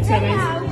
X7s.